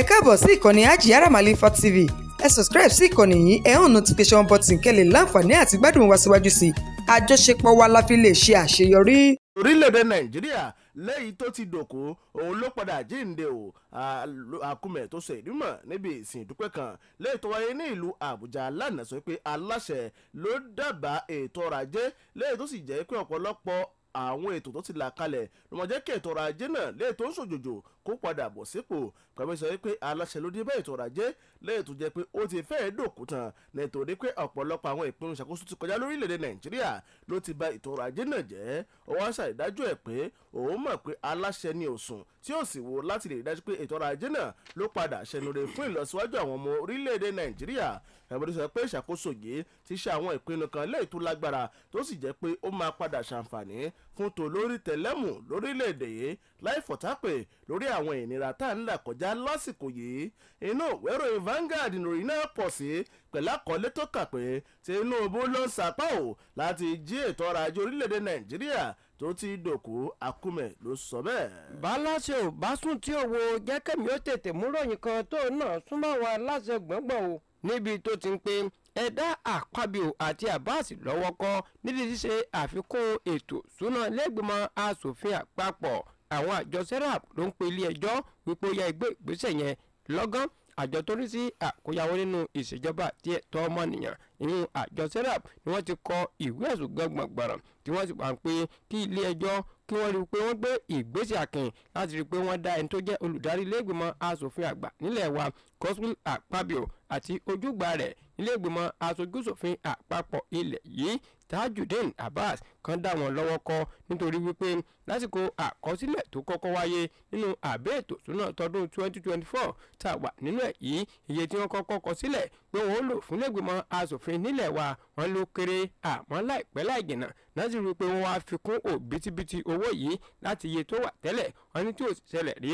ẹ káàbọ̀ sí ìkànnì Hajiyara Malifa TV ẹ subscribe sí ìkànnì yìí ẹ hàn notification button kẹ́ lè láǹfààní àti gbádùn wa síwájú sí i àjọṣepọ̀ wa la fi lè ṣe àṣeyọrí. orílẹ̀-èdè nàìjíríà lẹ́yìn tó ti dòkó òun ló padà jíǹde o àkúmẹ̀ tó sọ ìdímọ̀ níbi ìsìn ìdúpẹ́ kan lẹ́yìn tó wáyé ní ìlú àbújá lánàá sọ pé aláṣẹ ló dábàá ètò ọrọ̀ ajé lẹ́yìn tó sì jẹ́ pé ọ̀pọ̀lọpọ̀ àwọn ètò tó ti là kalẹ̀ ló mọ̀ ọrọ̀ ajé náà lẹ́yìn tó ń ṣòjòjò kó padà bọ̀ sípò kọ̀wé sọ wípé aláṣẹ ló dé bá ètò ọrọ̀ ajé lẹ́yìn tó jẹ́ pé ó ti fẹ́ẹ́ dòkú tán nítorí pé ọ̀pọ̀lọpọ̀ àwọn ìpinnu ìṣàkóso ti kọjá lórílẹ̀‐èdè nàìjíríà ló ti ba ètò ọrọ̀ ajé náà jẹ́ ó wá ṣàìdájú ẹ̀ pé òun mọ̀ pé aláṣẹ ni òsùn tí ó sì wo láti lè rí dájú pé ètò ọrọ̀ ajé náà ló padà ṣẹnure fún ìlọsíwájú àwọn ọmọ orílẹ̀‐èdè nàìjíríà ẹ̀bùrú sọ pé ìṣàkóso yìí ti ṣe àwọn ìpinnu kan lẹ́yìn tó lágbára tó sì jẹ́ pé ó máa padà ṣàǹfààní fún tòlórí tẹ̀lẹ́mù lórílẹ̀‐èdè yìí láì fọ̀tápè lórí àwọn ìnira tá à ń là kọjá já lásìkò yìí inú ìwé ìròyìn Vanguard ìròyìn náà pọ̀ sí pẹ̀lú àkọlé tó kà pé Tinubu ló ń sapá o láti jí ètò ọrọ̀ ajé orílẹ̀-èdè Nàìjíríà tó ti dòkú akúmẹ̀ ló sọ bẹ́ẹ̀. báláṣẹ ò bá sùn tí ò wo jẹ́kẹ̀mí ó tètè mú ròyìn kan tó náà súnmọ́ wa láṣẹ gbọ̀ngbọ̀n o níbi tó ti ń pe ẹ̀dá àpábíò àti Abbas lọ́wọ́ kọ́ nídìí ṣíṣe àfikún ètò ìṣúná lẹ́gbẹ̀mọ asòfin àpapọ̀ àwọn àjọ serap ló ń pe ilé-ẹjọ́ wípé ó yá ìgbé ìgbésẹ̀ yẹn lọ́gán àjọ tó rí sí àkóyawó nínú ìṣèjọba tí ẹ̀tọ́ ọmọnìyàn nínú àjọ serap ni wọ́n ti kọ ìwé ẹ̀sùn gbọ̀ngbọ̀ngbọ̀ràn tí wọ́n sì pa kí ilé-ẹjọ́ kí wọ́n rí i pé wọ́n gbé ìgbésẹ̀ àkànyìn láti rí i pé wọ́n dá ẹni tó jẹ́ olùdarí iléègbìmọ̀ asòfin àgbà nílẹ̀ wa Godswill Akpabio àti ojúgbà rẹ̀ iléègbìmọ̀ asojúṣòfin àpapọ̀ ilẹ̀ yìí Tajudeen Abbas kan dá wọn lọ́wọ́ kọ́ nítorí wípé lásìkò àkọsílẹ̀ tó kọ́kọ́ wáyé nínú àbẹ́ ètò ìṣúná tọdún 2024 tá a wà nínú ẹ̀ yìí iye tí wọ́n kọ́kọ́ kọ sílẹ̀ pé wọ́n ó lò fún iléègbìmọ̀ asòfin nílẹ̀ wa wọ́n ló kéré àmọ́ láìpẹ́ láìjìnà násì rí i pé wọ́n wá fi kún òbítíbitì owó yìí láti iye tó wà tẹ́lẹ̀ wọ́n ní tí ò ṣẹlẹ̀ rí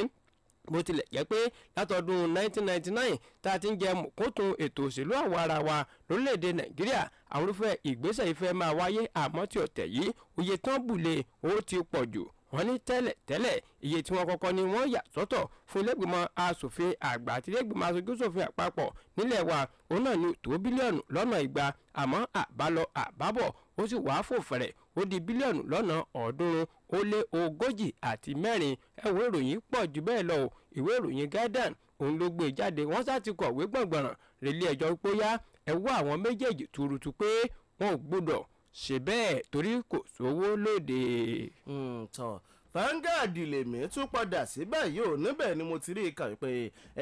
bó tilẹ̀ jẹ́ pé látọdún 1999 tá a ti ń jẹ mọ̀kútù ètò òṣèlú àwa ara wa lórílẹ̀‐èdè nàìjíríà àwọn irúfẹ́ ìgbésẹ̀ ìfẹ́ máa wáyé àmọ́ tí ọ̀tẹ̀ yìí òye tán bùlé ó ti pọ̀ jù wọ́n ní tẹ́lẹ̀ tẹ́lẹ̀ iye tí wọ́n kọ́kọ́ ni wọ́n yà sọ́tọ̀ fún ilégbèmọ̀ asòfin àgbà àti ilégbèmọ̀ aṣojúṣòfin àpapọ̀ nílẹ̀ wa òun náà ni tó bílíọ̀nù lọ́nà igba àmọ́ àbálọ àbábọ̀ ó sì wàá fòfẹ̀rẹ̀ ó di bílíọ̀nù lọ́nà ọ̀ọ́dúnrún ó lé ogójì àti mẹ́rin ẹ̀wọ́ ìròyìn pọ̀ jù bẹ́ẹ̀ lọ o ìwé ìròyìn Guardian òun ló gbé e jáde wọ́n sá ti kọ̀wé gbọ̀ngbọ̀ràn relé ẹjọ́ pé yá ẹ̀wọ́ àwọn méjèèjì tuurutu pé wọn ò gbọ́dọ̀ ṣe bẹ́ẹ̀ torí kò sówó lóde. Hmm, tọ́ Vanguard lèmi tún padà sí báyìí ò níbẹ̀ ni mo ti rí i kà pé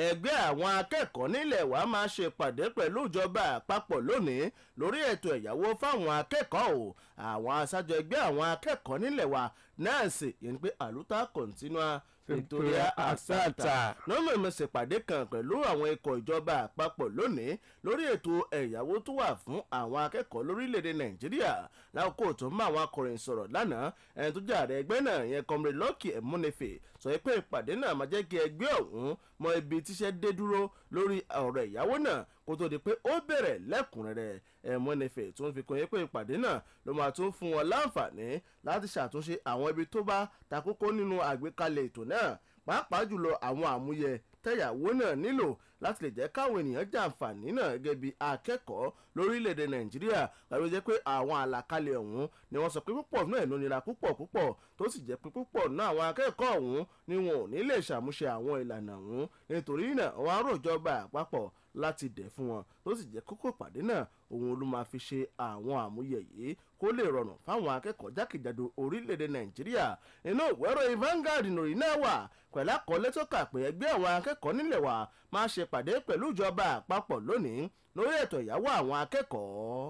ẹgbẹ́ àwọn akẹ́kọ̀ọ́ nílẹ̀ wa máa ṣe pàdé pẹ̀lú ìjọba àpapọ̀ lónìí lórí ètò ẹ̀yáwó fáwọn akẹ́kọ̀ọ́ o àwọn aṣáájú ẹgbẹ́ àwọn akẹ́kọ̀ọ́ nílẹ̀ wa náà sì yẹn pé àlùtà continua Victoria Aksanta nọ́mọ̀ ìmọ̀sẹ̀pàdé kan pẹ̀lú àwọn ikọ̀ ìjọba àpapọ̀ lónìí lórí ètò ẹ̀yáwó tó wà fún àwọn akẹ́kọ̀ọ́ lórílẹ̀‐èdè Nàìjíríà lákòókò tó ń bá àwọn akọ̀ròyìn sọ̀rọ̀ lánàá ẹni tó jẹ́ ààrẹ ẹgbẹ́ náà yẹn Comrade Lucky Emunefe sọ pé ìpàdé náà máa jẹ́ kí ẹgbẹ́ ọ̀hún mọ ibi tíṣẹ́ dé dúró lórí ọ̀rọ̀ ìyàwó náà kó tó di pé ó bẹ̀rẹ̀ lẹ́kùnrẹ́rẹ́ ẹ̀mọ́nifẹ̀ tó ń fi kún yẹ pé ìpàdé náà ló máa tún fún wọn láǹfààní láti ṣàtúnṣe àwọn ibi tó bá takókó nínú àgbékalẹ̀ ètò náà pàápàá jùlọ àwọn àmúyẹ tẹ̀yàwó náà nílò láti lè jẹ́ káwọn ènìyàn jàǹfààní náà gẹ́gẹ́ bí akẹ́kọ̀ọ́ lórílẹ̀‐èdè nàìjíríà pẹ̀lú jẹ́ pé àwọn àlàkalẹ̀ ọ̀hún ni wọ́n sọ pé púpọ̀ náà ẹ̀ ló nira púpọ̀ púpọ̀ tó sì jẹ́ pé púpọ̀ náà àwọn akẹ́kọ̀ọ́ ọ̀hún ni wọn ò ní lè ṣàmúṣe àwọn ìlànà ọ̀hún nítorí náà wọ́n á rò ìjọba àpapọ̀ láti dẹ̀ fún wọn tó sì jẹ́ kókó pàdé náà òun ló máa fi ṣe àwọn àmúyẹ yìí kó lè rọrùn fáwọn akẹ́kọ̀ọ́ jákèjádò orílẹ̀-èdè nàìjíríà inú ìwé ìròyìn Vanguard nìròyìn náà wà pẹ̀lú àkọlé tó kà pé ẹgbẹ́ àwọn akẹ́kọ̀ọ́ nílẹ̀ wa máa ṣèpàdé pẹ̀lú ìjọba àpapọ̀ lónìí lórí ètò ìyàwó àwọn akẹ́kọ̀ọ́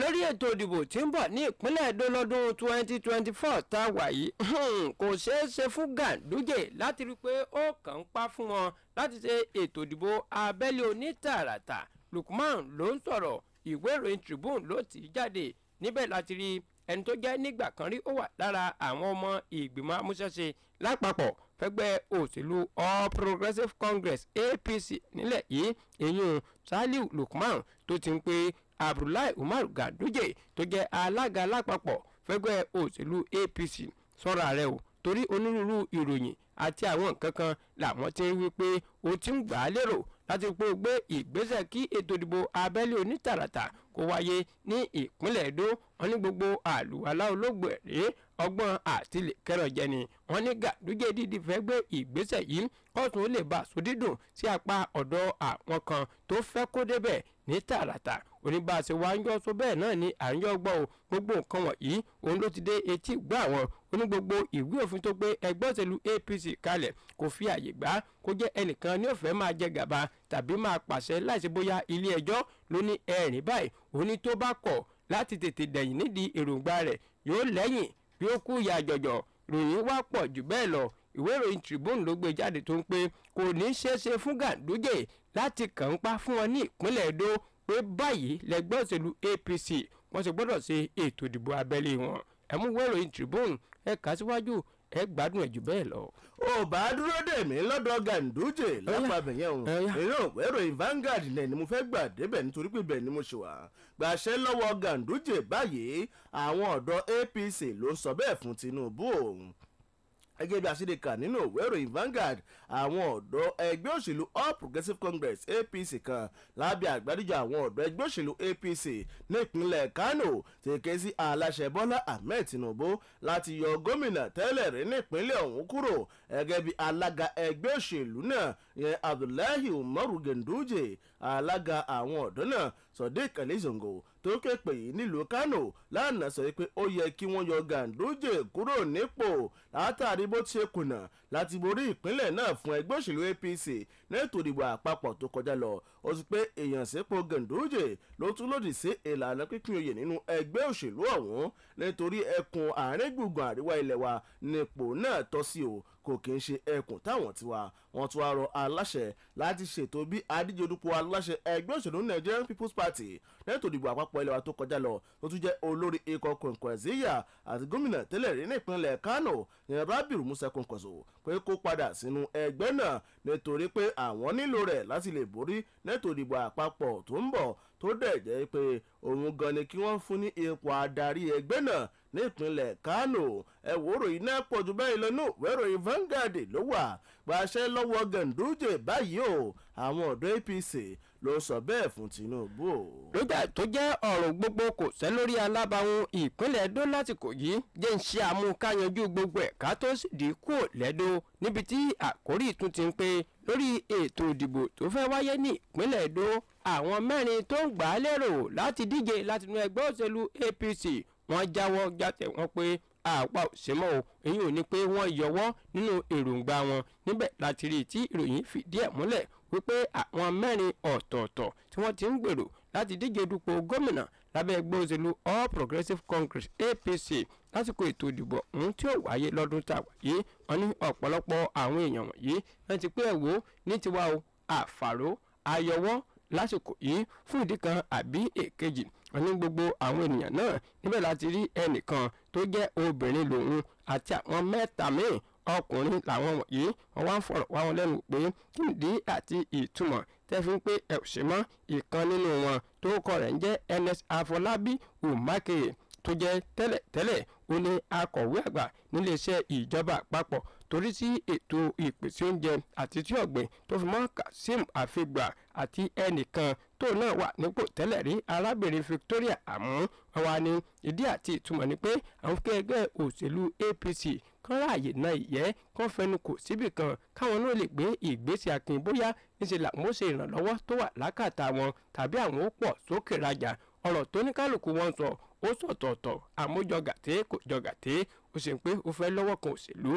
lórí ètò ìdìbò tí ń bọ̀ ní ìpínlẹ̀ èdò lọ́dún 2024 tá a wà yìí hmm, kò ṣeé ṣe fún Ganduje láti rí i pé ó kàn ń pa fún wọn láti ṣe ètò ìdìbò abẹ́lé onítààràtà Lukman ló ń sọ̀rọ̀ ìwé ìròyìn Tribune ló ti jáde níbẹ̀ láti rí ẹni tó jẹ́ nígbà kan rí ó wà lára àwọn ọmọ ìgbìmọ̀ amúṣẹ́ṣe lápapọ̀ fẹ́gbẹ́ òṣèlú All Progressives Congress APC nílẹ̀ yìí èyí Saliu Lukman tó ti ń pé abdullahi umar ganduje tó jẹ́ alága lápapọ̀ fẹ́gbẹ́ òṣèlú apc sọ́ra rẹ̀ o torí onírúurú ìròyìn àti àwọn nǹkan kan làwọn ti ń wí pé ó ti ń gbà á lérò láti pé ó gbé ìgbésẹ̀ kí ètò ìdìbò abẹ́lé onítàràtà kó wáyé ní ìpínlẹ̀ èdò wọn ní gbogbo àlùwalá olóògbé rèé ọgbọ́n àtìlẹ̀ kẹrànjẹ ni wọn ní Ganduje dídì fẹ́ gbé ìgbésẹ̀ yìí kóòtù ó lè bá sódídùn sí apá ọ̀dọ̀ àwọn kan tó fẹ́ kó débẹ̀ ní tààràtà oníbàṣẹ wa ń yọ sọ bẹ́ẹ̀ náà ni à ń yọ gbọ́ o gbogbo nǹkan wọ̀nyí òun ló ti dé etí ìgbọ́ àwọn oní gbogbo ìwé òfin tó gbé ẹgbẹ́ òṣèlú APC kalẹ̀ kò fi àyè gbà kó jẹ́ ẹnìkan ní òfẹ́ máa jẹ gàba tàbí máa pàṣẹ láìsí bóyá ilé ẹjọ́ ló ní ẹ̀rìn báyìí òní tó bá kọ̀ láti tètè dẹ̀yìn nídìí èròǹgbà rẹ̀ yóò lẹ́yìn bí ó kú ìyá jọ̀jọ̀ ròyìn wá pọ̀ ìwé ìròyìn Tribune ló gbé jáde tó ń pé kò ní ṣeéṣe fún Ganduje láti kànńpá fún wọn ní ìpínlẹ̀ Edo pé báyìí lẹ́gbẹ́ òṣèlú APC wọ́n ti gbọ́dọ̀ ṣe ètò ìdìbò abẹ́lé wọn ẹ̀mú wẹ́ròyìn Tribune ẹ̀ka síwájú ẹ gbádùn ẹ jù bẹ́ẹ̀ lọ. ò bá dúró dè mí lọ́dọ̀ Ganduje lápapẹ̀ yẹn o èrè òwérò Vanguard náà ni mo fẹ́ gbà débẹ̀ nítorí pé bẹ́ẹ̀ ni mo ṣe wà. gbàṣẹ lọ́wọ́ Ganduje báyìí àwọn ọ̀dọ́ APC ló sọ bẹ́ẹ̀ fún Tinubu òun gẹ́gẹ́ bí àṣírí kà nínú òwe ìròyìn Vanguard àwọn ọ̀dọ́ ẹgbẹ́ òṣèlú All Progressive Congress APC kan lábẹ́ àgbáríjọ àwọn ọ̀dọ́ ẹgbẹ́ òṣèlú APC nípínlẹ̀ Kano ti ké sí aláṣẹ Bọ́lá Ahmed Tinubu láti yọ gómìnà tẹ́lẹ̀ rí nípínlẹ̀ ọ̀hún kúrò gẹ́gẹ́ bí alága ẹgbẹ́ òṣèlú náà yẹn Abdullahi Umaru Ganduje alága àwọn ọ̀dọ́ náà Sodiq Ali Zongo tó kẹ́pẹ́ yìí nílùú Kánò lánàá sọ pé ó yẹ kí wọ́n yọ Ganduje kúrò nípò látàrí bó ti ṣe kùnà láti borí ìpínlẹ̀ náà fún ẹgbẹ́ òṣèlú APC nẹ́tò ìdìbò àpapọ̀ tó kọjá lọ ó ti pé èèyàn sípò Ganduje ló tún lòdì sí ìlànà pínpín oyè nínú ẹgbẹ́ òṣèlú ọ̀hún nítorí ẹkùn àárín gbùngbùn àríwá ilẹ̀ wa nípò náà tọ́ sí o kò kí ń ṣe ẹkùn táwọn tiwa wọ́n tún wá rọ aláṣẹ láti ṣètò bí adíjolúpọ aláṣẹ ẹgbẹ́ òṣèlú Nigerian People's Party lẹ́tò ìdìbò àpapọ̀ ilẹ̀ wa tó kọjá lọ tó tún jẹ́ olórí ikọ̀ Kwenkwezia àti gómìnà tẹ́lẹ̀ rí ní ìpínlẹ̀ Kano ìyẹn Rabiru Musa Kwankwaso pé kó padà sínú ẹgbẹ́ náà nítorí pé àwọn nílò rẹ̀ láti lè borí lẹ́tò ìdìbò àpapọ̀ tó ń bọ̀ tó dẹ̀ jẹ́ pé òun gan ni kí wọ́n fún ní ipò adarí ẹgbẹ́ náà nípínlẹ̀ Kánò ẹ̀wòrò iná pọ̀jù báyìí lọ́nà wẹ́rọ Vanguard ló wà pàṣẹ lọ́wọ́ Ganduje báyìí o àwọn ọ̀dọ́ APC ló sọ bẹ́ẹ̀ fún Tinubu. lójà tó jẹ́ ọ̀rọ̀ gbogbo kò sẹ́ lórí alábàáhùn ìpínlẹ̀ Ẹdó láti Kogi jẹ́ ń ṣe àmúkáyanjú gbogbo ẹ̀ka tó sì dínkù lẹ́dọ̀ níbi tí àkórí tún ti ń pé lórí ètò ìdìbò tó fẹ́ wáyé ní ìpínlẹ̀ Ẹdó àwọn mẹ́rin tó ń gbà á lérò láti díje látinú ẹgbẹ́ òṣèlú APC wọ́n jáwọ́ jàtẹ̀ wọ́n pé àpá òsèmọ́ o èyí ò ní pé wọ́n yọwọ́ nínú èròǹgbà wọn níbẹ̀ láti rí i tí ìròyìn fìdí ẹ̀ múlẹ̀ wípé àwọn mẹ́rin ọ̀tọ̀ọ̀tọ̀ tí wọ́n ti ń gbèrò láti díje dupò gómìnà lábẹ́ ẹgbẹ́ òṣèlú All Progressives Congress APC lásìkò ètò ìdìbò ọ̀hún tí ó wáyé lọ́dún tá a wáyé wọn ní ọ̀pọ̀lọpọ̀ àwọn èèyàn wọ̀nyí wọ́n ti pé ẹ̀wò ní tiwa o àfàró ayọwọ́ lásìkò yìí fún ìdí kan àbí èkejì ní gbogbo àwọn ènìyàn náà níbẹ̀ láti rí ẹnìkan tó jẹ́ obìnrin lòun àti àwọn mẹ́ta míì ọkùnrin làwọn wọ̀nyí wọ́n wá ń fọ̀rọ̀ wá wọn lẹ́nu pé kí nìdí àti ìtumọ̀ tẹ́ ń pé ẹ̀ ò ṣe mọ́ ìkan nínú wọn tó kọ rẹ̀ ń jẹ́ Ernest Afọlábí Umakeye tó jẹ́ tẹ́lẹ̀tẹ́lẹ̀ ó ní akọ̀wé àgbà níléeṣẹ́ ìjọba àpapọ̀ torí sí ètò ìpèsè oúnjẹ àti tí ọ̀gbìn tó fi mọ́ Kazeem Afegbua àti ẹnìkan tó náà wà nípò tẹ́lẹ̀ rí arábìnrin Victoria Amu wọn wá ní ìdí àti ìtumọ̀ ni pé àwọn kẹgbẹ́ òṣèlú APC kán ráàyè na ìyẹ́ kán fẹnu kò síbì kan káwọn náà lè gbé ìgbésẹ̀ akin bóyá níṣẹ́ làwọn ó ṣe ìrànlọ́wọ́ tó wà lákàtà wọn tàbí àwọn ó pọ̀ sókè rajà ọ̀rọ̀ tó ní kálukú wọn sọ ó sọ̀tọ̀ọ̀tọ̀ àmójọgàté kò jọgàté ó sì ń pé ó fẹ́ lọ́wọ́ kan òṣèlú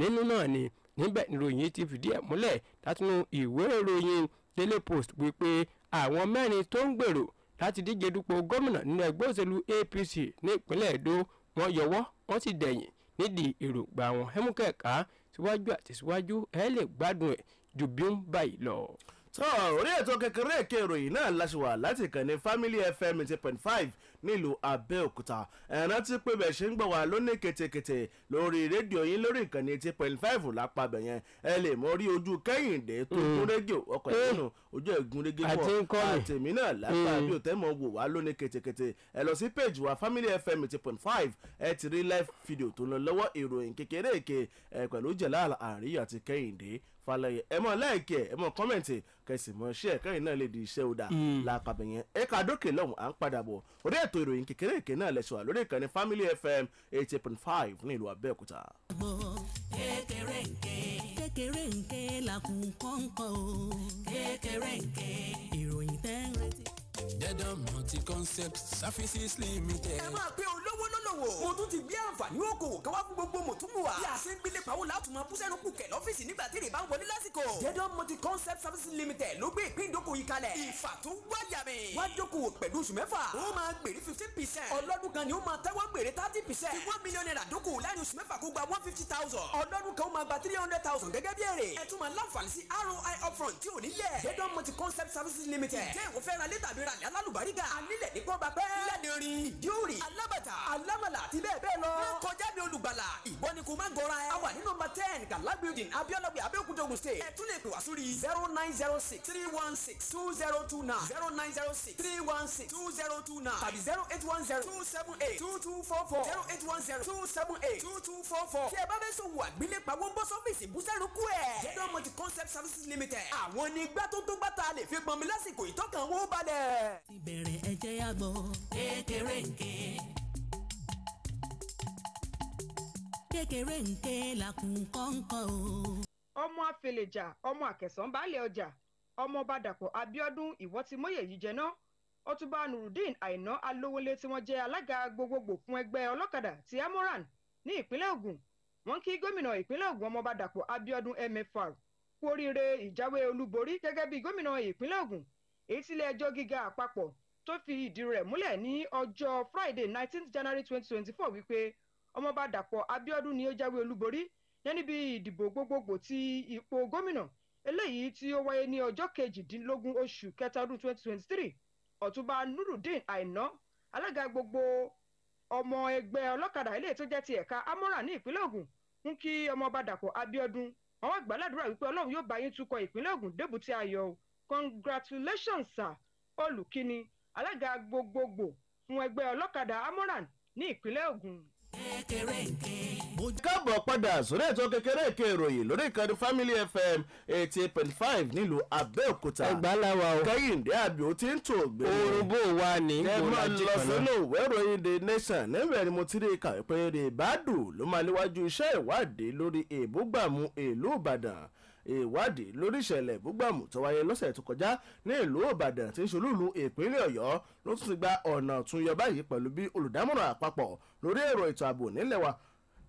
nínú náà ni níbẹ̀ níròyìn ti fìdí ẹ̀ múlẹ̀ látinú ìwé ìròyìn Daily Post wípé àwọn mẹ́rin tó ń gbèrò láti díje dupò gómìnà nínú ẹgbẹ́ òṣèlú APC ní ìpínlẹ̀ Èdò wọ́n yọwọ́ wọ́n sì dẹ̀yìn nídìí èròǹgbà wọn ẹmúkẹ̀ká síwájú àti síwájú ẹ lè gbádùn ẹ̀ ju bí ó ń báyìí lọ. tó orí ètò kékeré èké ìròyìn náà la ṣì wà láti ìkànnì Family FM eighty point five nílùú Abẹ́òkúta ẹ̀rántí pé bẹ̀ ṣe ń gbọ̀ wá lónìí kètèkètè lórí rédíò yín lórí ìkànnì ti point five lápabẹ̀ yẹn ẹ lè mọ orí ojú kẹ́hìndé tó kún mm. rédíò ọkọ̀ ìdùnnú ojú ẹ̀gún régé pọ̀ àtẹ̀mí náà lápá mm. bí ò tẹ́mọ̀ wò wá lónìí kètèkètè ẹ lọ sí page wa family fm ti point five ẹ ti rí live video tó ń lọ lọ́wọ́ ìròyìn kékeré èké falẹyẹ ẹ mọ láìkí ẹ ẹ mọ kọmẹǹtì kẹsì mọ ṣẹ kẹyìn náà lè di iṣẹ òdà mm. làpàbẹ yẹn ẹ ká dókè lọhùn à ń padà bọ̀ orí ètò ìròyìn kékeré èké náà lẹsọ wà lórí ìkànnì Family FM eighty point five ní ìlú Abẹ́òkúta. kékeré nké kékeré nké làkùn kọ́ńkọ́ o kékeré nké ìròyìn tẹ́ ń retí. dandan multi concept services limited. ẹ máa pín olú lówó lólòwò. mo tún ti gbé àǹfààní òkòwò kan wá fún gbogbo mọ̀túnmùwà. bí a ṣe ń gbélé pawó látún máa bú sẹ́nu kùkẹ́ lọ́fíìsì nígbà tí ìrìbá ń wọlé lásìkò. jẹ́dọ̀ multi concept services limited ló gbé ìpín ìdókòwò yìí ìfà tó wáyà mi. wá jókòwò pẹ̀lú oṣù mẹ́fà. ó máa gbèrè fifteen percent. ọlọ́dún kan ni ó máa tẹ́wọ́ gbèrè thirty percent. fi one million naira dókòwò láàrin oṣù mẹ́fà kó gba one fifty thousand. ọlọ́dún kan ó máa gba three hundred thousand gẹ́gẹ́ bí èrè. ẹ tún máa láǹfààní sí ROI upfront tí ò ní lẹ̀. jẹ́dọ̀ multi concept services limited. ǹjẹ́ ìwọ fẹ́ ra lé tàbí ra ní alálùbáríkà. a nílẹ̀ bá pẹ́. lẹ́ni rin yóò rí alábàtà alámàlà àti bẹ́ẹ̀ bẹ́ẹ̀ lọ. wọ́n kọjá mi olùgbàlà ìbọn ni kò má gọra ẹ. a wà ní nọ́mbà ten gala building abiolagbe abeokuta ogun state. ẹ tún lè pè wá sórí zero nine zero six three one six two zero two nine zero nine zero six three one six two zero two nine tàbí zero eight one zero two seven eight two two four four zero eight one zero two seven eight two two four four. tí ẹ bá fẹ́ sòwò àgbélépàá wọ́n bọ́ sọ́fíìsì búsẹ̀rùkú ẹ̀. jẹ́dọ̀ multi concept services limited. àwọn ni gbàtó tó gbàtà lè fi gbọ̀nmi lásìkò ìtọ́kàn wó balẹ̀. ìbẹ̀rẹ̀ ẹ̀jẹ̀ àgbọ̀ kékeré nké Kekere nke làkùn kọ́ńkọ́ o. ọmọ afẹlẹjà ọmọ àkẹsàn baálé ọjà ọmọọba dàpọ̀ abiodun ìwọ ti mọyẹ yìí jẹ náà nurudeen àìná alówólé tí wọ́n jẹ́ alága gbogbogbò fún ẹgbẹ́ ọlọ́kadà ti amoran ní ìpínlẹ̀ Ogun. wọ́n kí gómìnà ìpínlẹ̀ Ògùn ọmọọba dàpọ̀ abiodun mfr kú oríire ìjáwé olúborí gẹ́gẹ́ bí gómìnà ìpínlẹ̀ Ogun, èyí tilẹ̀ ẹjọ́ gíga àpapọ̀ tó fi ìdí rẹ̀ múlẹ̀ ní ọjọ́ Friday nineteenth January twenty twenty four wípé ọmọọba dàpọ̀ abíọ́dún ni ó jáwé olúborí níbi ìdìbò gbogbogbò ti ipò gómìnà eléyìí tí ó wáyé ní ọjọ́ kejìdínlógún oṣù kẹta ọdún 2023 ọ̀túnba nurudeen àìná alága gbogbo ọmọ ẹgbẹ́ ọlọ́kadà ilé tó jẹ́ ti ẹ̀ka amọ́ra ní ìpínlẹ̀ Ògùn ń kí ọmọọba dàpọ̀ abíọ́dún àwọn àgbà wípé ọlọ́run yóò bá yín tukọ̀ ìpínlẹ̀ Ògùn débùtì ayọ̀ o congratulations sir olùkíni alága gbogbogbò fún ẹgbẹ́ ọlọ́kadà amọ́ra ní ìpínlẹ̀ Ògùn kékeré. káàbọ̀ padà sórí ètò kékeré-èké ìròyìn lórí ìkànnì Family FM eighty point five nílùú Abẹ́òkúta. ẹgbàá la wa o. Kẹ́hìndé Àbíò ti ń tò gbé. oorun bó wa ní ìgbòho ajé náà. ẹ máa lọ sínú ìwé ìròyìn The Nation níbẹ̀ ni mo ti rí kàwé pé rèébádù ló máa léwájú iṣẹ́ ìwádìí lórí ìbúgbàmù ìlú Ìbàdàn ìwádìí lórí ìṣẹ̀lẹ̀ ìbúgbàmù tó wáyé lọ́sẹ̀ tó kọjá ní ìlú ìbàdàn tí ṣolúlu ìpínlẹ̀ ọ̀yọ́ ló tún ti gba ọ̀nà túnyọ báyìí pẹ̀lú bí olùdámọ̀ràn àpapọ̀ lórí èrò ètò ààbò nílẹ̀ wa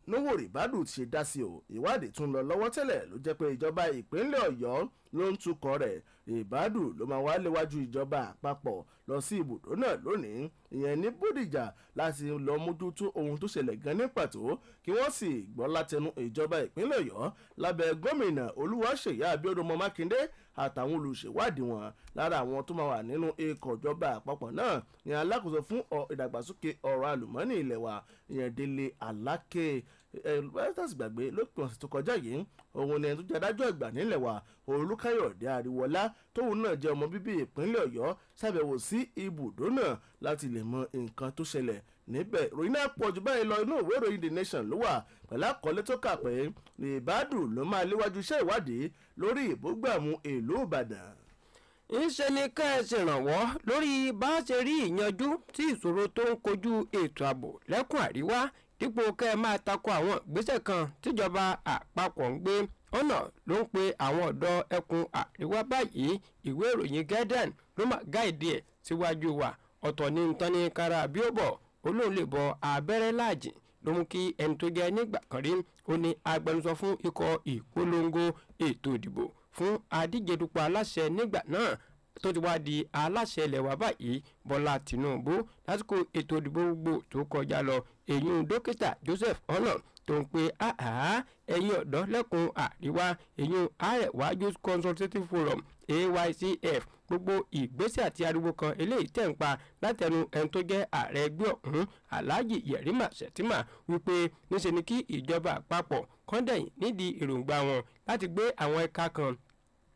nowori badu ti ṣe dá sí o ìwádìí tún lọ lọ́wọ́ tẹ́lẹ̀ ló jẹ́ pé ìjọba ìpínlẹ̀ ọ̀yọ́ ló ń tukọ̀ rẹ̀ ìbádùn ló máa wá léwájú ìjọba àpapọ̀ lọ sí ibùdó náà lónìí ìyẹn ní bódìjà láti lọ mójútó ohun tó ṣẹlẹ̀ gan ní pàtó kí wọ́n sì gbọ́ látẹnu ìjọba ìpínlẹ̀ ọ̀yọ́ lábẹ́ gómìnà olúwaṣèyí abiodunmọ mákindé àtàwọn olùṣèwádìí wọn lára àwọn tó máa wà nínú ikọ̀ ìjọba àpapọ̀ náà ní alákòóso fún ìdàgbàsókè ọ̀rọ̀ àlùmọ́nì ilẹ̀ wa ìyẹn délé aláké ẹlẹ́tàsí gbàgbé lópin ọ̀sẹ̀ tó kọjá yìí òun ni ẹni tó jẹ́ adájọ́ ìgbà nílẹ̀ wa olùkáyọ̀dé àríwọlá tóun náà jẹ́ ọmọ bíbí ìpínlẹ̀ ọ̀yọ́ ṣàbẹ̀wò sí ibùdó náà láti lè mọ nǹkan tó ṣẹlẹ̀ níbẹ̀ ìròyìn náà pọ̀ jù báyìí lọ inú ìwé ìròyìn the nation ló wà pẹ̀lú àkọlé tó kà pé ìbádùn ló máa léwájú iṣẹ́ ìwádìí lórí ìbúgbàmù ìlú ìbàdàn. ńṣe ni ká ẹ ṣèrànwọ́ lórí bá a ṣe rí ìyanjú tí ìṣòro tó ń kojú ètò ààbò lẹ́kùn àríwá dípò kẹ́ ẹ máa tako àwọn ìgbésẹ̀ kan tíjọba àpapọ̀ ń gbé ọ̀nà ló ń pe àwọn ọ̀dọ́ ẹkùn àríwá báyìí ìwé ìròyìn guardian ló máa gáìdì ẹ̀ síwájú wa ọ̀tọ̀ ní ntọ́ni kára bí ó bọ̀ olóhùn lè bọ abẹ́rẹ́ láàjìn ló mú kí ẹni tó jẹ́ nígbà kan rí ó ní agbẹnusọ fún ikọ̀ ìpolongo ètò ìdìbò fún adíje dupò aláṣẹ nígbà náà tó ti wá di aláṣẹ ilẹ̀ wa báyìí bọ́lá tìǹbù lásìkò ètò ìdìbò gbogbo tó kọjá lọ èyí dókítà joseph ọ̀nà tó ń pe ẹ̀yin ọ̀dọ́ lẹ́kùn àríwá èyí àrẹ̀wá youth consultative forum aycf gbogbo ìgbésẹ̀ àti ariwo kan eléyìí tẹ̀ ń pa látẹnu ẹni tó jẹ́ ààrẹ ẹgbẹ́ ọ̀hún aláàjì yẹ̀rìmà ṣẹ̀tìmà wípé níṣe ni kí ìjọba àpapọ̀ kọ́ndẹ̀yìn nídìí èròǹgbà wọn láti gbé àwọn ẹ̀ka kan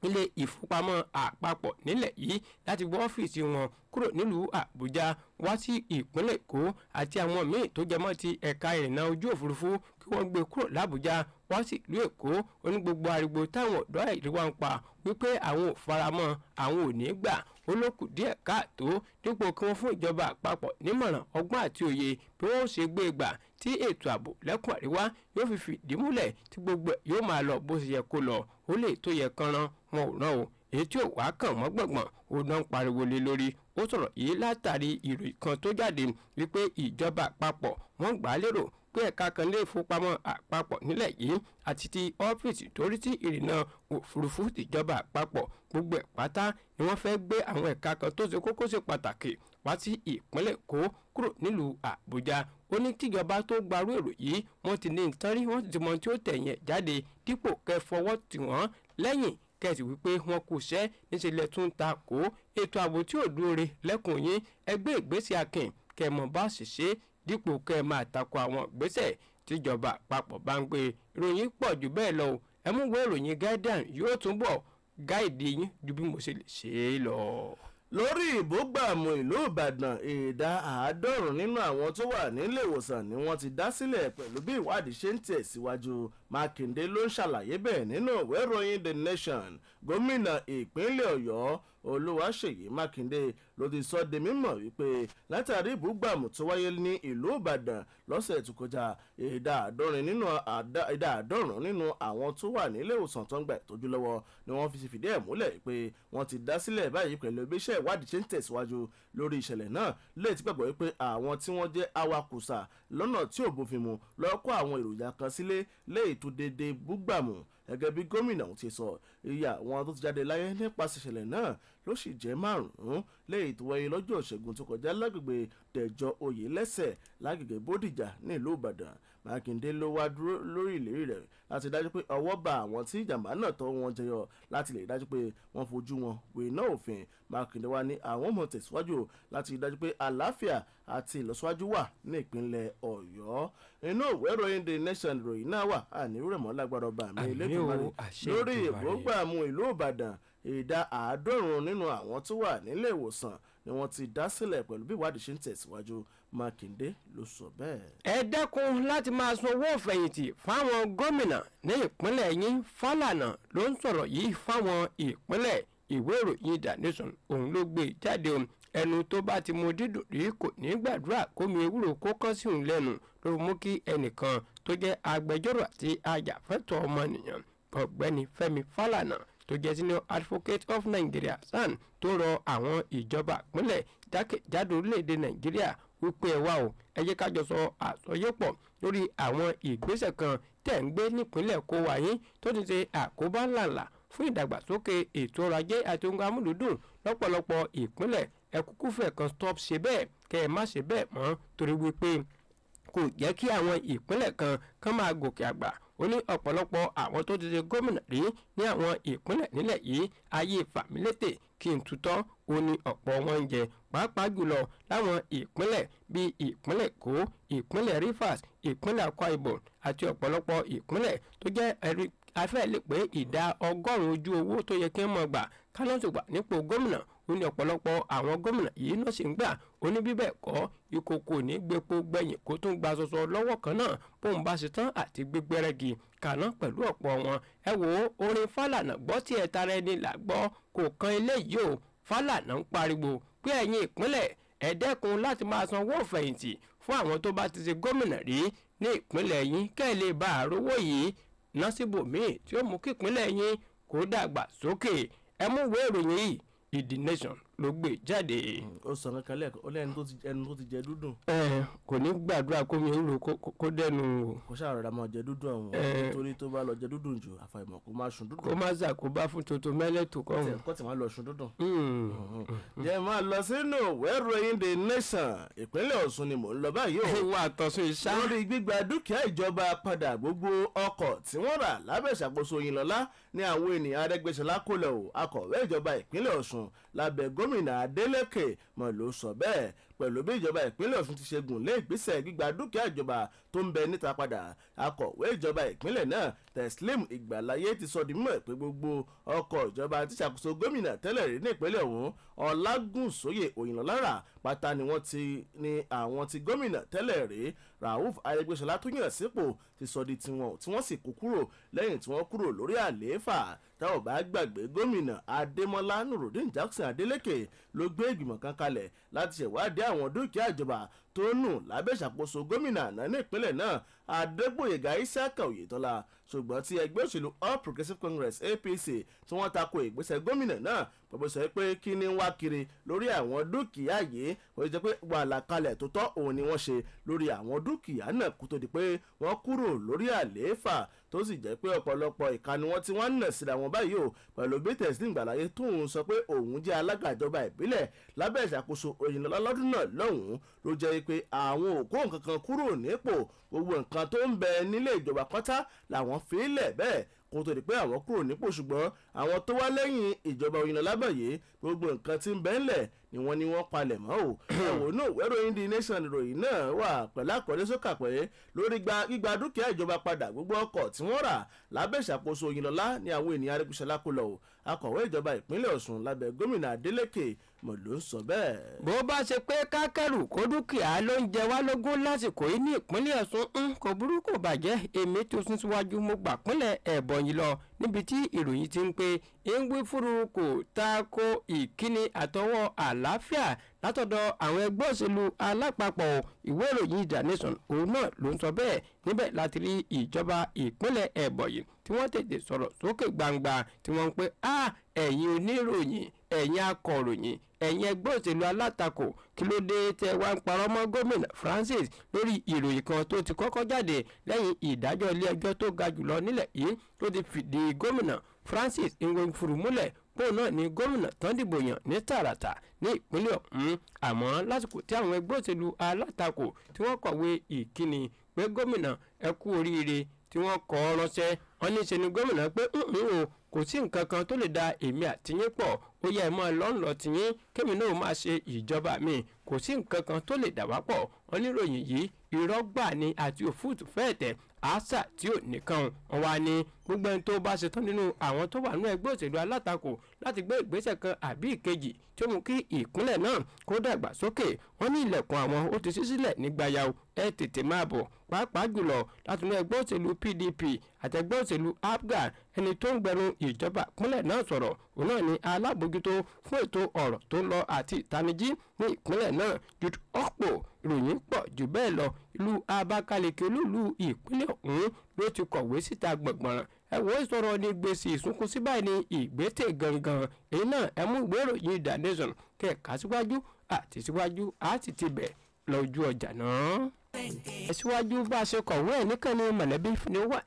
ilé ìfowópamọ́ àpapọ̀ nílẹ̀ yìí láti wọ́ ọ́fíìsì wọn kúrò nílùú àbújá wá sí ìpínlẹ̀ èkó àti àwọn míì tó jẹmọ́ ti ẹ̀ka ìrìnà ojú òfurufú kí wọ́n gbé e kúrò lábújá wá sí ìlú èkó ó gbogbo ariwo táwọn ọ̀dọ́ àìríwá ń pa wípé àwọn ò faramọ́ àwọn ò ní gbà ó ló díẹ̀ káàtó dípò kí wọ́n fún ìjọba àpapọ̀ nímọ̀ràn ọgbọ́n àti òye bí wọ́n ṣe gbé e gbà tí ètò ààbò lẹ́kùn àríwá yóò fi fìdí múlẹ̀ tí gbogbo yóò máa lọ bó ṣe yẹ kó lọ ó lè tó yẹ kánran wọn ò rán o èyí tí ò wá kàn mọ́ gbọ̀ngbọ̀n ó náà ń pariwo lé lórí ó sọ̀rọ̀ yìí látàrí ìròyìn kan tó jáde wípé ìjọba àpapọ̀ wọ́n gbà á lérò pé ẹ̀ka kan lè fowópamọ́ àpapọ̀ nílẹ̀ yìí àti ti ọ́fíìsì tó rí sí òfurufú tìjọba àpapọ̀ gbogbo ẹ̀ pátá ni wọ́n fẹ́ gbé àwọn ẹ̀ka kan tó ṣe kókó ṣe pàtàkì wá sí ìpínlẹ̀ Èkó kúrò nílùú Àbújá ó ní tíjọba tó gbarú èrò yìí wọ́n ti ní ìtọ́rí wọ́n ti mọ tí ó tẹ̀yìn ẹ̀ jáde dípò kẹfọwọ́ tí lẹ́yìn tẹ̀sí wípé wọn kò ṣẹ́ níṣẹ́lẹ̀ tún ta kó ètò ààbò tí ò dúore lẹ́kùn yín ẹgbẹ́ ìgbésẹ̀ akin kẹmọ bá ṣiṣẹ́ dípò kẹmọ àtakò àwọn ìgbésẹ̀ tíjọba àpapọ̀ bá ń gbé e. ìròyìn pọ̀ jù bẹ́ẹ̀ lọ ẹ mú wo ìròyìn Guardian yóò túbọ̀ gáìdì yín ju bí mo ṣe lè ṣe é lọ lórí ìbúgbàmù ìlú ìbàdàn ìdá àádọ́rùn-ún nínú àwọn tó wà nílé ìwòsàn ni wọ́n ti dá sílẹ̀ pẹ̀lú bí ìwádìí ṣe ń tẹ̀síwájú mákindé ló ń ṣàlàyé bẹ́ẹ̀ nínú ìwé ìròyìn the nation gómìnà ìpínlẹ̀ ọ̀yọ́ olúwaṣèyí mákindé ló ti sọ de mímọ̀ wípé látàrí ìbúgbàmù tó wáyé ní ìlú ìbàdàn lọ́sẹ̀ tó kọjá ìdá àádọ́rùn nínú àwọn tó wà nílé ìwòsàn tó ń gba ìtọ́jú lọ́wọ́ ni wọ́n fi fìdí ẹ̀ múlẹ̀ pé wọ́n ti dá sílẹ̀ báyìí pẹ̀lú iléeṣẹ́ ìwádìí ṣe ń tẹ̀síwájú lórí ìṣẹ̀lẹ̀ náà léètí gbàgbọ́ wípé àwọn tí wọ́n jẹ́ awakùsà lọ́nà tí ò bófin mu lọ́kọ́ àwọn èròjà kan sílé léè tó déédéé búgbàmù gẹ́gẹ́ bí gómìnà ọ̀hún ti sọ iye àwọn tó ti jáde láyé nípasẹ̀ ìṣẹ̀lẹ̀ náà ló sì jẹ́ márùn-ún lẹ́yìn tó wáyé lọ́jọ́ ìṣẹ́gun tó kọjá lágbègbè tẹ̀jọ́ oyè lẹ́sẹ̀ lágbègbè bódìjà nílùú ìbàdàn mákindé ló wá dúró lórí ìlérí rẹ̀ láti dájú pé ọwọ́ bá àwọn tí ìjàmbá náà tọ́ wọn jẹyọ láti lè dájú pé wọ́n fojú wọn wé náà òfin mákindé wá ní àwọn ọmọ tẹ̀síwájú láti dájú pé àlàáfíà àti ìlọsíwájú wà ní ìpínlẹ̀ ọ̀yọ́ inú ìwé ìròyìn the nation ìròyìn náà wà àníwúrẹ̀mọ́ lágbára ọba mi lẹ́kùnrin lórí ìbúgbàmù ìlú ìbàdàn ìdá àádọ́rùn-ún nínú àwọn tó wà nílé ìwòsàn ni wọ́n ti dá sílẹ̀ pẹ̀lú bí ìwádìí ṣe ń tẹ̀síwájú mákindé ló sọ bẹ́ẹ̀. ẹ dẹ́kun láti máa san owó ìfẹ̀yìntì fáwọn gómìnà ní ìpínlẹ̀ yín fálànà ló ń sọ̀rọ̀ yìí fáwọn ìpínlẹ̀ ìwé ìròyìn The Nation òun ló gbé e jáde ẹnu tó bá ti mu dídùn rí kò ní gbàdúrà kómi ewúro kó kán sí òun lẹ́nu ló mú kí ẹnìkan tó jẹ́ agbẹjọ́rò àti ajàfẹ́tọ̀ọ́ ọmọnìyàn ọ̀gbẹ́ni fẹ́mi fálànà tó jẹ́ senior advocate of nigeria san tó rọ àwọn ìjọba ìpínlẹ̀ jákèjádò orílẹ̀-èdè nàìjíríà wípé ẹ wá o ẹ jẹ́ ká jọ sọ àsọyépọ̀ lórí àwọn ìgbésẹ̀ kan tẹ̀ ń gbé nípínlẹ̀ kó wa yín tó ti ṣe àkóbá ńláńlá fún ìdàgbàsókè ètò ọrọ̀ ajé àti ohun amúlùúdùn lọ́pọ̀lọpọ̀ ìpínlẹ̀ ẹ kúkú fẹ́ kan stop ṣe bẹ́ẹ̀ kẹ́ ẹ má ṣe bẹ́ẹ̀ mọ́ torí wípé kò jẹ́ kí àwọn ìpínlẹ̀ kan kán máa gòkè àgbà ó ní ọ̀pọ̀lọpọ̀ àwọn tó ti ṣe gómìnà rí ní àwọn ìpínlẹ̀ nílẹ̀ yìí ayé fàmílétè kí n tutọ́ ó ní ọ̀pọ̀ wọn ń jẹ pàápàá jùlọ láwọn ìpínlẹ̀ bíi ìpínlẹ̀ èkó ìpínlẹ̀ rivers ìpínlẹ̀ akwa ibom àti ọ̀pọ̀lọpọ̀ ìpínlẹ̀ tó jẹ́ ẹ̀rí afẹ́ lè pé ìdá ọgọ́rùn ojú owó tó yẹ kí wọ́n mọ̀ gbà kánọ́ọ̀tù gbà nípò gómìnà ó ní ọ̀pọ̀lọpọ̀ àwọn gómìnà yìí náà sì ń gbà ó ní bíbẹ̀ kọ́ ìkòkò ní gbépo gbẹ̀yìn kó tún gba sọsọ lọ́wọ́ kan náà bóun bá ṣe tán àti gbígbẹ́rẹ́gì kàná pẹ̀lú ọ̀pọ̀ wọn ẹ wo orin Fálànà gbọ́ tí ẹ tara ẹni là gbọ́ kò kan eléyìí o Fálànà ń pariwo pé ẹ̀yin ìpínlẹ̀ ẹ dẹ́kun láti máa san owó ìfẹ̀yìntì fún àwọn tó bá ti ṣe gómìnà rí ní ìpínlẹ̀ yín kẹ́ ẹ lè bá àrówó yìí ná síbòmíì tí ó mú kí ìpínlẹ̀ yín kó dàgbà sókè ẹ mú ìwé yìí ìdí nation ló gbé jáde. Mm, ó sọ̀rọ̀ kalẹ̀ ó lẹ́nu tó ti jẹ dúdùn. ẹ kò ní gbàdúrà kó mi rò kó dẹnu o. kò ṣàrọ̀ ra máa jẹ dúdùn àwọn nítorí tó bá lọ jẹ dúdùn jù àfàìmọ̀ kó máa sùn dúdùn. kó má zà kó bá fún tuntun mẹ́lẹ́tò kọ́hún. kó tì máa lọ sùn dúdùn. Hmm. Mm-hmm. jẹ́ máa lọ sínú ìwé ìròyìn The Nation ìpínlẹ̀ Ọ̀ṣun ni mò ń lọ báyìí o. ìwà àtọ̀sùn ìṣá. lórí gbígba dúkìá ìjọba padà gbogbo ọkọ̀ tí wọ́n rà lábẹ́ ìṣàkóso Oyinlọ́lá ni àwọn ènìyàn Arẹ́gbẹ́ṣọlá kò lẹ̀ akọ̀wé ìjọba ìpínlẹ̀ Ọ̀ṣun lábẹ́ g gómìnà Adeleke mọ̀ ló sọ bẹ́ẹ̀ pẹ̀lú bí ìjọba ìpínlẹ̀ Ọ̀ṣun ti ṣe gùn lé ìgbésẹ̀ gbígba dúkìá ìjọba tó ń bẹ níta padà akọ̀wé ìjọba ìpínlẹ̀ náà Teslim Ìgbàláyé ti sọ di mímọ̀ pé gbogbo ọkọ̀ ìjọba ti ṣàkóso gómìnà tẹ́lẹ̀ rí ní ìpínlẹ̀ ọ̀hún Ọlágúnsóyè Òyìnlọ́lára pátá ni wọ́n ti ni àwọn ti gómìnà tẹ́lẹ̀ rí Rauf Arẹ́gbẹ́ṣọlá tó yàn sípò ti sọ di tiwọn tí wọ́n sì kó kúrò lẹ́yìn tí wọ́n kúrò lórí àlééfà tá ò bá gbàgbé gómìnà Adémọ́lá Nurudeen Jackson Adeleke ló gbé ìgbìmọ̀ kan kalẹ̀ láti ṣèwádìí jẹ́ àwọn dúkìá ìjọba tó nù lábẹ́ ìṣàkóso gómìnà àná ní ìpínlẹ̀ náà Adégbòyègà Isiaka Oyètọ́lá ṣùgbọ́n tí ẹgbẹ́ òṣèlú All Progressives Congress APC tí wọ́n tako ìgbésẹ̀ gómìnà náà bó sọ pé kí ni wá kiri lórí àwọn dúkìá yìí kò sì jẹ́ pé wàhálàkalẹ̀ tó tọ́ òun ni wọ́n ṣe lórí àwọn dúkìá náà kó tó di pé wọ́n kúrò lórí àlééfà tó sì jẹ́ pé ọ̀pọ̀lọpọ̀ ìka ni wọ́n ti wá ń nà síra wọn báyìí o pẹ̀lú btx ní ìgbàláyé tóun sọ pé òun jẹ́ alága ìjọba ìbílẹ̀ lábẹ́ ìṣàkóso òyìnbó lọ́dún náà lọ́hùn-ún ló jẹ́ pé àwọn òkú nǹkan kúrò nípò gbogbo nǹkan tó ń bẹ nílé ìjọba pátá làwọn fi í lẹ̀ bẹ́ẹ̀ kó tó di pé àwọn kúrò nípò ṣùgbọ́n àwọn tó wá lẹ́yìn ìjọba Oyinlọ́lá Àbàyè gbogbo nǹkan tí ń bẹ ńlẹ̀ ni wọ́n ní wọ́n palẹ̀ mọ́ o ẹ̀wọ̀n náà ìròyìn The Nation ìròyìn náà wà pẹ̀lú àkọlé sókà pé lórí gbígba dúkìá ìjọba padà gbogbo ọkọ̀ tí wọ́n rà lábẹ́ ìṣàkóso Oyinlọ́lá ni àwọn ènìyàn Arẹ́gbẹ́ṣọlá kó lọ o akọ̀wé ìjọba ìpínlẹ̀ Ọ̀ṣun lábẹ́ gómìnà Adeleke mo ló sọ bẹ́ẹ̀. bó bá ṣe pé kákẹ́rù kó dúkìá ló ń jẹ wá lógún lásìkò yìí ní ìpínlẹ̀ ọ̀ṣun kò burú kò bàjẹ́ èmi tó sún síwájú mo gbà pínlẹ̀ ẹ̀bọ̀nyí lọ níbi tí ìròyìn ti ń pe ingwe furuko ta ko ìkíni àtọwọ́ àlàáfíà látọ̀dọ̀ àwọn ẹgbẹ́ òṣèlú alápapọ̀ ìwé ìròyìn The Nation òun náà ló ń sọ bẹ́ẹ̀ níbẹ̀ láti rí ìjọba ìpínlẹ̀ ẹ̀bọ̀nyí tí wọ́n tètè sọ̀rọ̀ sókè gbangba tí wọ́n ń pe ẹ̀yin oníròyìn ẹ̀yin akọ̀ròyìn ẹ̀yin ẹgbẹ́ òṣèlú alátakò kí ló dé tẹ́ wá ń parọ́ mọ́ gómìnà Francis lórí ìròyìn kan tó ti kọ́kọ́ jáde lẹ́yìn ìdájọ́ ilé ẹjọ́ tó ga jùlọ nílẹ̀ yìí tó ti fìdí gómìnà Francis Ngbenfuru múlẹ̀ bóun náà ni gómìnà tán dìbò yàn ní tààràtà ní ìpínlẹ̀ ọ̀hún àmọ́ lásìkò tí àwọn ẹgbẹ́ òṣèlú alátakò tí wọ́n kọ̀wé ìkíni pé gómìnà ẹ kú oríire tí wọ́n kọ ọ́ ránṣẹ́ wọ́n ní ṣe ni gómìnà pé ń ń o kò sí nǹkan kan tó lè da èmi àtìyín ó yẹ ẹ mọ́ ẹ lọ́nlọ́ tìyín kémi náà máa ṣe ìjọba mi kò sí nǹkan kan tó lè dà wá pọ̀ wọ́n níròyìn yìí irọ́ gbà ni àti òfúùtù fẹ́ẹ̀ tẹ̀ àṣà tí ò nìkan wọn wá ní gbogbo ẹni tó bá ṣetán nínú àwọn tó wà nínú ẹgbẹ́ òṣèlú alátakò láti gbé ìgbésẹ̀ kan àbí ìkejì tí ó mú kí ìkúnlẹ̀ náà kó dàgbà sókè wọn ní ilẹ̀kùn àwọn ó ti ṣí sílẹ̀ nígbàyà ẹ tètè máa bọ̀ pàápàá jùlọ láti inú ẹgbẹ́ òṣèlú PDP àti ẹgbẹ́ òṣèlú APGA ẹni tó ń gbẹnu ìjọba ìpínlẹ̀ náà sọ̀rọ̀ òun náà ni alábòójútó fún ètò ọ̀rọ̀ tó ń lọ náà jude okpo ìròyìn pọ̀ jù bẹ́ẹ̀ lọ ìlú abakaliki olúlu ìpínlẹ̀ ọ̀hún ló ti kọ̀wé síta gbọ̀ngbọ̀n ẹ̀wọ̀n ìsọ̀rọ̀ ní gbèsè ìsunkún sí báyìí ní ìgbésẹ̀ gangan èyí náà ẹ mú ìwé ìròyìn The Nation kẹ̀ka síwájú àti síwájú àti tibẹ̀ lọ́jọ́ ọjà náà síwájú bá a ṣe kọ̀wé ẹ̀ níkànnì mọ̀lẹ́bí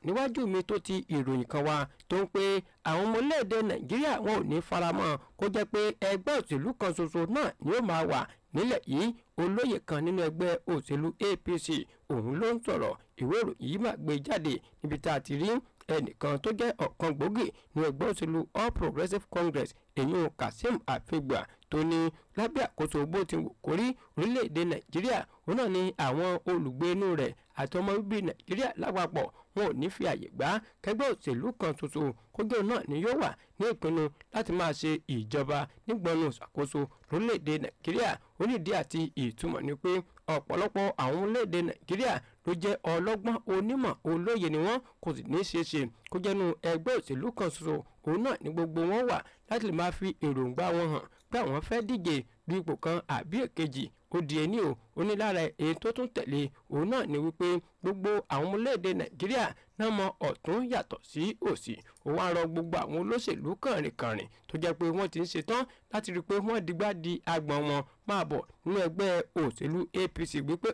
níwájú mi tó ti ìròyìn kan wá tó ń pé àwọn ọmọ orílẹ̀-èdè nàìjíríà wọn ò ní faramọ́ kó jẹ́ pé ẹgbẹ́ òṣèlú kan ṣoṣo náà ni ó máa wà nílẹ̀ yìí olóyè kan nínú ẹgbẹ́ òṣèlú APC òun ló ń sọ̀rọ̀ ìwé ìròyìn yìí máa gbé jáde níbi tá a ti rí ẹnìkan tó jẹ́ ọ̀kan gbòógì ní ẹgbẹ́ òṣèlú All Progressives Congress èyí Kazeem Afegbua tó ní lábẹ́ àkóso bó ti wù kórí orílẹ̀-èdè Nàìjíríà òun náà ni àwọn olùgbé inú rẹ̀ àtọmọ bíbí Nàìjíríà lápapọ̀ wọn ò ní fi àyè gbà kẹgbẹ́ òṣèlú kan ṣoṣo kójú náà ni yóò wà ní ìpinnu láti máa ṣe ìjọba nígbọnú ìṣàkóso lórílẹ̀‐èdè nàìjíríà onídìí àti ìtumọ̀ ni pé ọ̀pọ̀lọpọ̀ àwọn orílẹ̀‐èdè nàìjíríà ló jẹ́ ọlọ́gbọ́n onímọ̀ olóye ni wọ́n kò sì ní í ṣeé ṣe kó jẹ́nu ẹgbẹ́ òṣèlú kan ṣoṣo òun náà ni gbogbo wọn wà láti lè máa fi èròǹgbà wọn hàn pé àwọn fẹ́ díje bí ipò kan àbí èkejì ó di ẹni o ó ní lára èyí tó tún tẹ̀lé òun náà ni wípé gbogbo àwọn ọmọlẹ́ẹ̀dẹ̀ nàìjíríà náà mọ ọ̀tún yàtọ̀ sí òsì ó wá rọ gbogbo àwọn olóṣèlú kànrìnkànrìn tó jẹ́ pé wọ́n ti ń ṣetán láti rí i pé wọ́n digbá di agbọ̀n wọn máa bọ̀ nínú ẹgbẹ́ òṣèlú APC wípé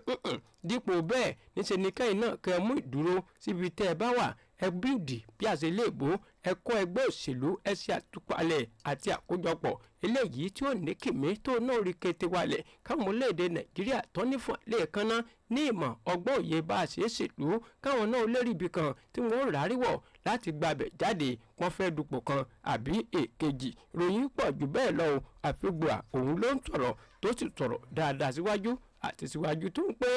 dípò bẹ́ẹ̀ níṣẹ́ ni kẹ́yìn náà kẹ́ mú ìdúró síbi tẹ́ ẹ bá wà ẹ bíìdì bí àṣẹ ilé ìbò ẹ̀kọ́ ẹgbẹ́ òṣèlú ẹ̀sìn àtúpalẹ̀ àti àkójọpọ̀ eléyìí tí ó ní kìmí tó náà rí kété wálẹ̀ káwọn orílẹ̀-èdè nàìjíríà tó nífọ̀n lẹ́ẹ̀kan náà ní ìmọ̀ ọgbọ́n òye bá a ṣe é ṣèlú káwọn náà lérí ibì kan tí wọ́n rárí wọ̀ láti gbàbẹ̀ jáde wọ́n fẹ́ dupò kan àbí èkejì ròyìn pọ̀ jù bẹ́ẹ̀ lọ àfihàn òun ló ń sọ̀rọ̀ tó sì sọ̀rọ̀ dáadáa síwájú àti síwájú tó ń pé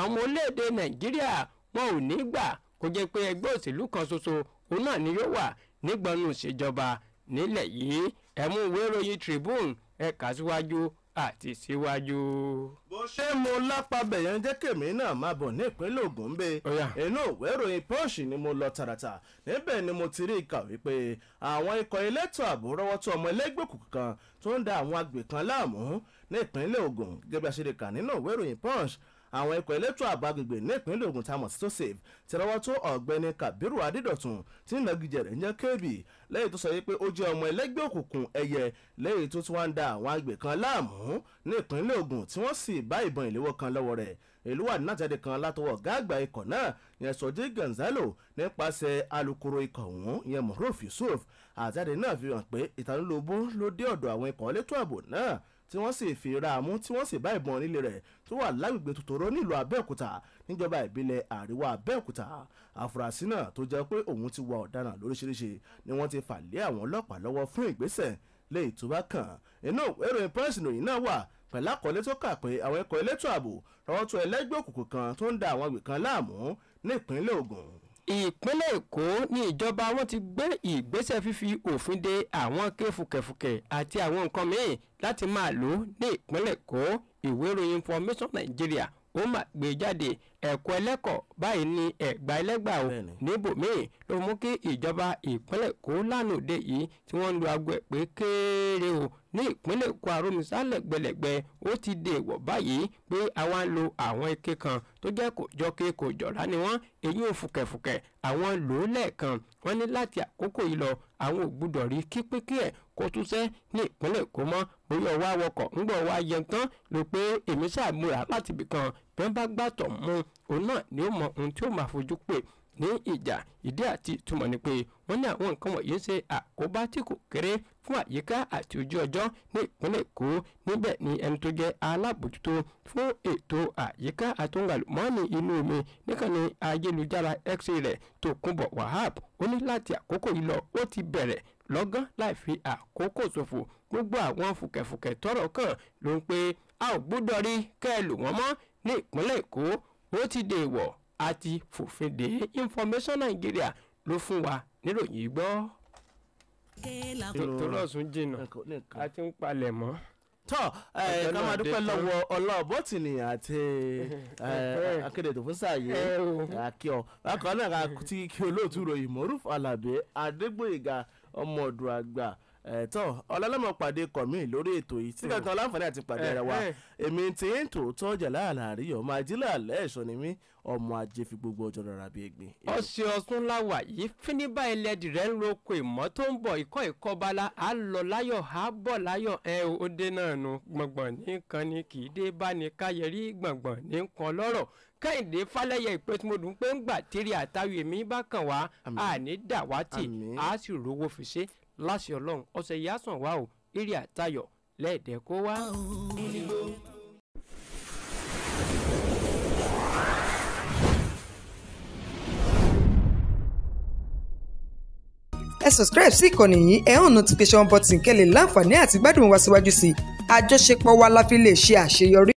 àwọn orílẹ̀ nàìjíríà wọn ò ní gbà kó jẹ́ pé ẹgbẹ́ òṣèlú kan ṣoṣo òun náà ni yóò wà nígbọnú ìṣèjọba nílẹ̀ yìí ẹ̀mú ìwé ìròyìn Tribune ẹ̀ka síwájú àti síwájú. bó ṣe mo lápabẹ̀ yẹn jẹ́ kèmí náà máa bọ̀ ní ìpínlẹ̀ Ògùn ń bẹ inú ìwé Punch ni mo lọ tààràtà níbẹ̀ ni mo ti rí i kà wípé àwọn ikọ̀ elétò ààbò rọ́wọ́ tó ọmọ ẹlẹ́gbẹ́ òkùnkùn kan tó ń da àwọn agbè kan láàmú ní ìpínlẹ̀ Ògùn gẹ́gẹ́ bí a ṣe lè kà nínú ìwé Punch àwọn ikọ̀ elétò ààbò agbègbè ní ìpínlẹ̀ Ògùn tamọ̀ sí tosef ti rọwọ́ tó ọ̀gbẹ́ni Kabiru Adédọ̀tun tí ń nàgìjẹ̀ rẹ̀ ń jẹ́ kébì lẹ́yìn tó sọ yìí pé ó jẹ́ ọmọ ẹlẹ́gbẹ́ òkùnkùn ẹ̀yẹ lẹ́yìn tó tún wá ń da àwọn àgbẹ̀ kan láàmú ní ìpínlẹ̀ Ògùn tí wọ́n sì bá ìbọn ìléwọ́ kan lọ́wọ́ rẹ̀ ìlú wà nínàjáde kan látọwọ́ ọ̀gá àgbà ikọ̀ náà yẹn sọjí Gonzalo nípasẹ̀ alukoro ikọ̀ ọ̀hún yẹn Moruf Yusuf àjáde náà fi hàn pé ìtanilóbó ló dé ọ̀dọ̀ àwọn ikọ̀ elétò ààbò náà tí wọ́n sì fi ra àmú tí wọ́n sì bá ìbọn nílé rẹ̀ tó wà lágbègbè tòtòrò nílùú Abẹ́òkúta níjọba ìbílẹ̀ àríwá Abẹ́òkúta àfúrásì náà tó jẹ́ pé òun ti wà ọ̀daràn lóríṣiríṣi ni wọ́n ti fà lé àwọn ọlọ́pàá lọ́wọ́ fún ìgbésẹ̀ lé ìtura kan inú ìròyìn pọ́ǹsì nìyí náà wà pẹ̀lú àkọlé tó kà pé àwọn ẹ̀kọ́ elétò ààbò rọ́wọ́ tó ẹlẹ́gbẹ́ òkùnkùn kan tó ń da àwọn àgbè kan láàmú ní ìpínlẹ̀ ìpínlẹ̀ èkó ní ìjọba wọn ti gbé ìgbésẹ̀ fífi òfin de àwọn kéfùkẹ̀fùkẹ̀ àti àwọn nǹkan míì láti máa lò ní ìpínlẹ̀ èkó ìwé ìròyìn information Nigeria ó mà gbé e jáde ẹ̀kọ́ ẹlẹ́kọ̀ báyìí ní ẹ̀gbá ẹlẹ́gbà ò níbòmíì ló mú kí ìjọba ìpínlẹ̀ èkó lánàá òde yìí tí wọ́n ń lu aago ẹ̀ pé kéré o ní ìpínlẹ̀ Kwara misálẹ̀ gbẹlẹ̀gbẹ ó ti dé èèwọ̀ báyìí pé àwa ń lo àwọn ike kan tó jẹ́ kò jọke kò jọ̀rá ni wọ́n èyí ò fùkẹ̀fùkẹ̀ àwọn lò ó lẹ́ẹ̀kan wọ́n ní láti àkókò yìí lọ àwọn ò gbúdọ̀ rí kípínkí ẹ̀ kó tún sẹ́ ní ìpínlẹ̀ Èkó mọ́ bóyá ọwọ́ awọkọ̀ ńgbọ̀ wá yẹn tán ló pé èmi ṣàmúra láti ibì kan bá gbàtọ̀ mú òun náà ni ó mọ ohun tí ó máa fojú pè ní ìjà ìdí àti ìtumọ̀ ni pé wọ́n ní àwọn nǹkan wọ̀nyí ń ṣe àkóbá tí kò kéré fún àyíká àti ojú ọjọ́ ní ìpínlẹ̀ èkó níbẹ̀ ni ẹni tó jẹ́ alábòjútó fún ètò àyíká àtúngalùmọ́ọ̀nì inú omi níkànnì ayélujára x rẹ̀ tó kúnbọ̀ wahab ó ní láti àkókò yìí lọ ó ti bẹ̀rẹ̀ lọ́gán láì fi àkókò ṣòfò gbogbo àwọn fùkẹ̀fùkẹ̀ tọ́rọ̀ kàn ló ń pé a ò gbọ́dọ̀ rí kẹ́ ẹ lò wọ́n mọ́ ní ìpínlẹ̀ èkó ó ti dèèwọ̀ àti fòfin de information Nigeria ló fún wa níròyìn gbọ́. tòlọ́sùn jìnnà a ti ń palẹ̀ mọ́. tọ́ ẹ ká máa dúpẹ́ lọ́wọ́ ọlọ́ọ̀bọ̀tìnì àti akéde tó fún sàyè akíọ bákan náà kí olóòtú ròyìn mọ́rúfù alábẹ́ adégbòyìnká ọmọ ọ̀dùn àgbà ẹ̀tọ́ ọlọ́lọ́mọ pàdé kọ̀ mí lórí ètò yìí tí kankan láǹfààní àti pàdé ara wa èmi ti ń tò tọ́jà láàlá àríyọ̀ ọmọ ajílẹ̀ àlẹ́ ẹ̀ṣọ́ ni mí ọmọ ajé fi gbogbo ọjọ́ rọra bí egbin. ọ̀sẹ̀ ọ̀sùn láwà yìí fíníbà ẹlẹ́dì rẹ̀ ń roko ìmọ̀ tó ń bọ̀ ikọ́ ìkọbala á lọ láyọ̀ á bọ̀ láyọ̀ ẹ ó dé náà nu gbọ̀ngbọ̀n nìkan ni kì í dé bá ní káyẹrí gbọ̀ngbọ̀n nìkan lọ́rọ̀ kẹ́hìndé falẹ́yẹ ìpẹ́tùmọ̀dún pé ń gbà tírí àtàwé mi bá kàn wá àní dàwátì á sì rówó fi ṣe láṣẹ ọlọ́run ọ̀sẹ̀ yìí á sàn wá o eré àtayọ̀ lẹ́ẹ̀dẹ̀ kó wá. ẹ subscribe sí ìkànnì yìí ẹ hàn notification button kẹ́ láǹfààní àti gbádùn wa síwájú sí i àjọṣepọ̀ wa la fi lè ṣe àṣeyọrí.